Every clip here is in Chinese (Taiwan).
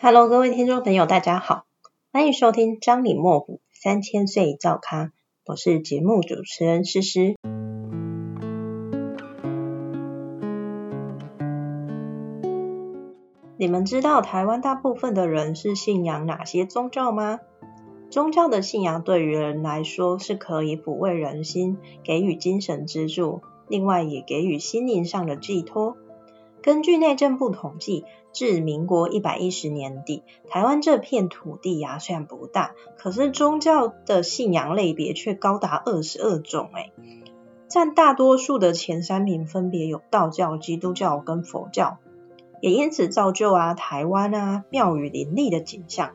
Hello，各位聽眾朋友，大家好，歡迎收聽張李莫古三千歲照咖，我是節目主持人絲絲。你們知道台灣大部分的人是信仰哪些宗教嗎？宗教的信仰對於人來說是可以撫慰人心，給予精神支柱，另外也給予心靈上的寄托。根據內政部統計，至民國一百一十年底，台灣這片土地啊，雖然不大，可是宗教的信仰類別卻高達二十二種，哎，佔大多數的前三名分別有道教、基督教跟佛教，也因此造就啊台灣啊廟宇林立的景象。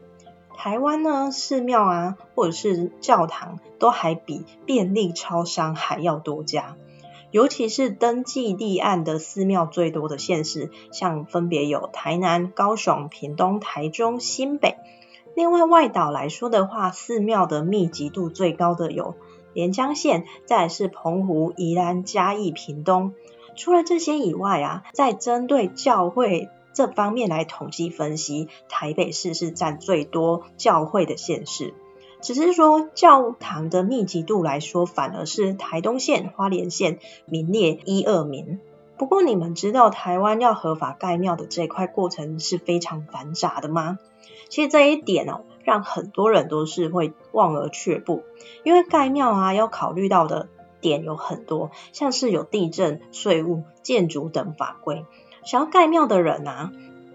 台灣呢，寺廟啊或者是教堂都還比便利超商還要多家。尤其是登記立案的寺廟最多的縣市，像分別有台南、高雄、屏東、台中、新北。另外外島來說的話，寺廟的密集度最高的有連江縣，再來是澎湖、宜蘭、嘉義、屏東。除了這些以外啊，在針對教會這方面來統計分析，台北市是佔最多教會的縣市。只是說教堂的密集度來說，反而是台東縣、花蓮縣名列一二名。不過你們知道台灣要合法蓋廟的這塊過程是非常繁雜的嗎？其實這一點哦，讓很多人都是會望而卻步，因為蓋廟啊要考慮到的點有很多，像是有地震、稅務、建築等法規。想要蓋廟的人啊，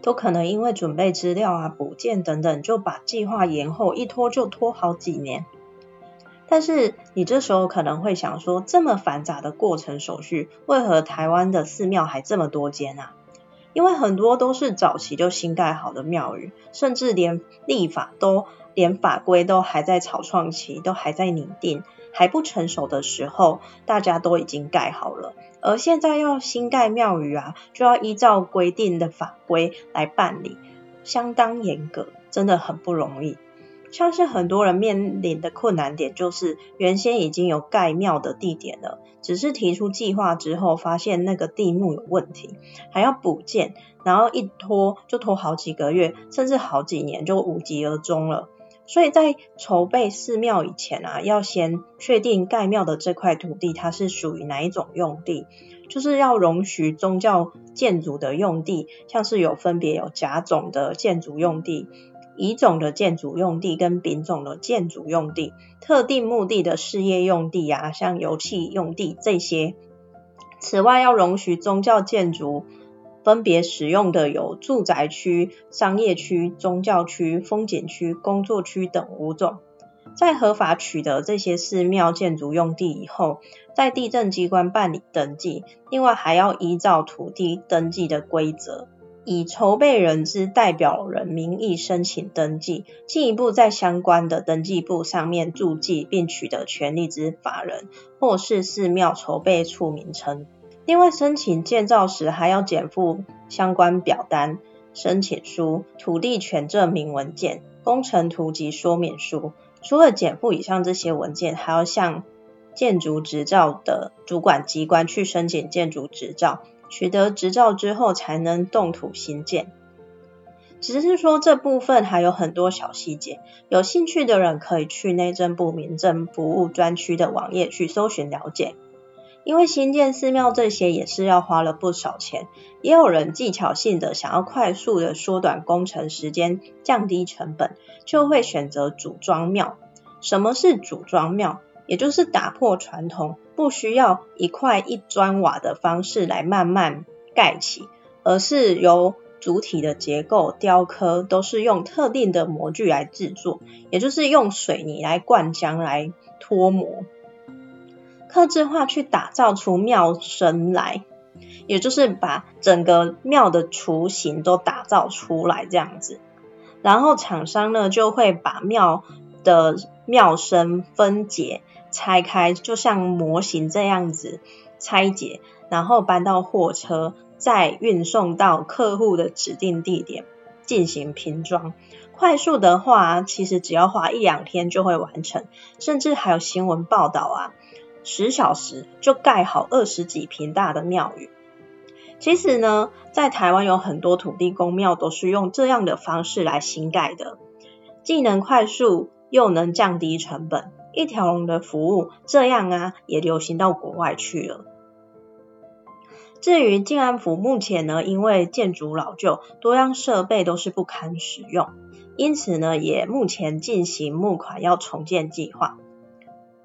有可能因為準備資料啊、補件等等，就把計劃延後，一拖就拖好幾年。但是你這時候可能會想說，這麼繁雜的過程手續，為何台灣的寺廟還這麼多間啊？因為很多都是早期就新蓋好的廟宇，甚至連立法都、連法規都還在草創期、都還在擬定、還不成熟的時候，大家都已經蓋好了。而現在要新蓋廟宇啊，就要依照規定的法規來辦理，相當嚴格，真的很不容易。像是很多人面臨的困難點，就是原先已經有蓋廟的地點了，只是提出計劃之後，發現那個地目有問題，還要補建，然後一拖就拖好幾個月，甚至好幾年就無疾而終了。所以在籌備寺廟以前啊，要先確定蓋廟的這塊土地它是屬於哪一種用地，就是要容許宗教建築的用地，像是有分別有甲種的建築用地。乙種的建築用地跟丙種的建築用地，特定目的的事業用地啊，像油氣用地這些。此外，要容許宗教建築分別使用的有住宅區、商業區、宗教區、風景區、工作區等五種。在合法取得這些寺廟建築用地以後，在地政機關辦理登記，另外還要依照土地登記的規則。以籌備人之代表人名義申請登記，進一步在相關的登記簿上面注記，並取得權利之法人或是寺廟籌備處名稱。另外，申請建造時還要檢附相關表單、申請書、土地權證明文件、工程圖及說明書。除了檢附以上這些文件，還要向建築執照的主管機關去申請建築執照。取得執照之後才能動土興建，只是說這部分還有很多小細節，有興趣的人可以去內政部民政服務專區的網頁去搜尋了解。因為新建寺廟這些也是要花了不少錢，也有人技巧性的想要快速的縮短工程時間、降低成本，就會選擇組裝廟。什麼是組裝廟？也就是打破傳統，不需要一塊一磚瓦的方式來慢慢蓋起，而是由主體的結構雕刻都是用特定的模具來製作，也就是用水泥來灌漿來脫模，客製化去打造出廟身來，也就是把整個廟的雛形都打造出來這樣子，然後廠商呢就會把廟的廟身分解。拆開就像模型這樣子拆解，然後搬到貨車，再運送到客戶的指定地點進行拼裝。快速的話，其實只要花一兩天就會完成，甚至還有新聞報道啊，十小時就蓋好二十幾坪大的廟宇。其實呢，在台灣有很多土地公廟都是用這樣的方式來新蓋的，既能快速又能降低成本。一條龍的服務，這樣啊也流行到國外去了。至於進安府目前呢，因為建築老舊，多樣設備都是不堪使用，因此呢也目前進行募款要重建計劃。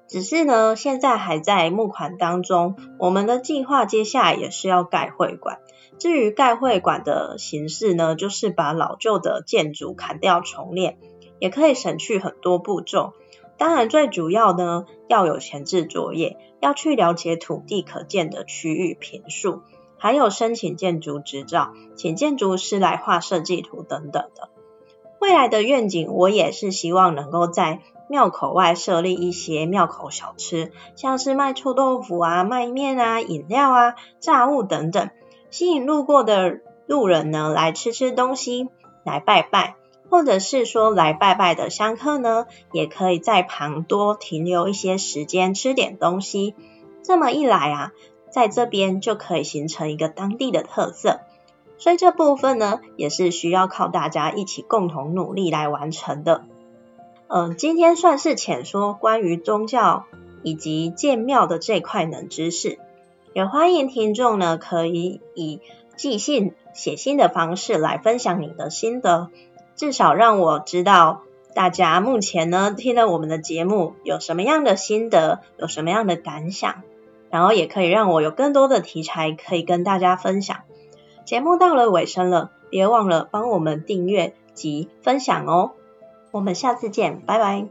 只是呢現在還在募款當中，我們的計劃接下來也是要蓋會館。至於蓋會館的形式呢，就是把老舊的建築砍掉重練，也可以省去很多步驟。當然，最主要呢，要有前置作業，要去了解土地可建的區域坪數，還有申請建築執照，請建築師來畫設計圖等等的。未來的願景，我也是希望能夠在廟口外設立一些廟口小吃，像是賣臭豆腐啊、賣麵啊、飲料啊、炸物等等，吸引路過的路人呢，來吃吃東西，來拜拜。或者是說來拜拜的香客呢，也可以在旁多停留一些時間，吃點東西。這麼一來啊，在這邊就可以形成一個當地的特色。所以這部分呢，也是需要靠大家一起共同努力來完成的。嗯、呃，今天算是淺說關於宗教以及建廟的這塊冷知識，也歡迎聽眾呢，可以以寄信、寫信的方式來分享你的心得。至少讓我知道大家目前呢，聽了我們的節目有什麼樣的心得，有什麼樣的感想，然後也可以讓我有更多的題材可以跟大家分享。節目到了尾聲了，別忘了幫我們訂閱及分享哦。我們下次見，拜拜。